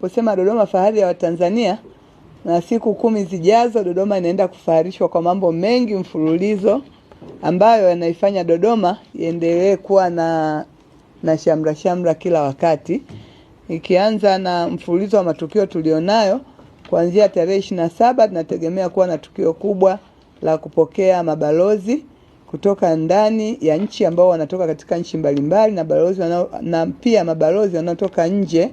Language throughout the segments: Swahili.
kusema Dodoma fahari ya Watanzania, na siku kumi zijazo Dodoma inaenda kufaharishwa kwa mambo mengi mfululizo ambayo yanaifanya Dodoma iendelee kuwa na na shamra shamra kila wakati, ikianza na mfululizo wa matukio tulionayo kuanzia tarehe ishirini na saba tunategemea kuwa na tukio kubwa la kupokea mabalozi kutoka ndani ya nchi ambao wanatoka katika nchi mbalimbali na balozi na pia mabalozi wanaotoka nje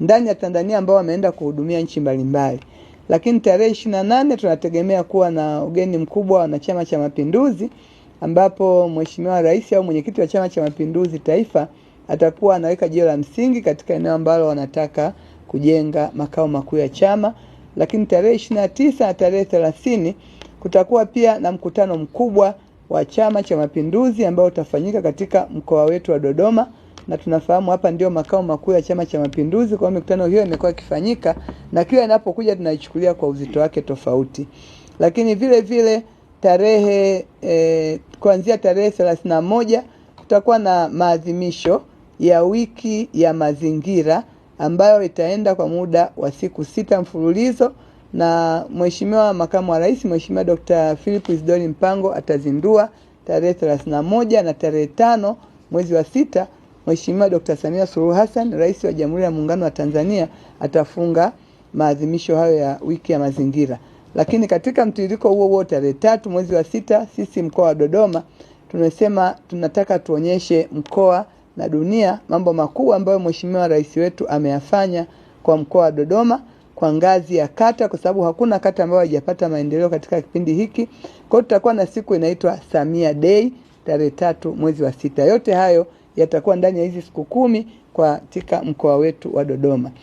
ndani ya Tanzania ambao wameenda kuhudumia nchi mbalimbali. Lakini tarehe ishirini na nane tunategemea kuwa na ugeni mkubwa na Chama cha Mapinduzi ambapo Mheshimiwa Rais au mwenyekiti wa Chama cha Mapinduzi taifa atakuwa anaweka jiwe la msingi katika eneo ambalo wanataka kujenga makao makuu ya chama. Lakini tarehe ishirini na tisa na tarehe thelathini kutakuwa pia na mkutano mkubwa wa Chama cha Mapinduzi ambao utafanyika katika mkoa wetu wa Dodoma na tunafahamu hapa ndio makao makuu ya Chama cha Mapinduzi. Kwa hiyo mikutano hiyo imekuwa ikifanyika na kila inapokuja tunaichukulia kwa uzito wake tofauti, lakini vile vile tarehe e, kuanzia tarehe thelathini moja kutakuwa na maadhimisho ya wiki ya mazingira ambayo itaenda kwa muda wa siku sita mfululizo na Mheshimiwa Makamu wa Rais Mheshimiwa Dr. Philip Isdori Mpango atazindua tarehe 31 na tarehe tano mwezi wa sita Mheshimiwa Dr. Samia Suluhu Hassan, Rais wa Jamhuri ya Muungano wa Tanzania, atafunga maadhimisho hayo ya wiki ya mazingira. Lakini katika mtiririko huo huo, tarehe tatu mwezi wa sita, sisi mkoa wa Dodoma tunasema tunataka tuonyeshe mkoa na dunia mambo makuu ambayo Mheshimiwa Rais wetu ameyafanya kwa mkoa wa Dodoma kwa ngazi ya kata, kwa sababu hakuna kata ambayo haijapata maendeleo katika kipindi hiki. Kwa hiyo tutakuwa na siku inaitwa Samia Day tarehe tatu mwezi wa sita. Yote hayo yatakuwa ndani ya hizi siku kumi katika mkoa wetu wa Dodoma.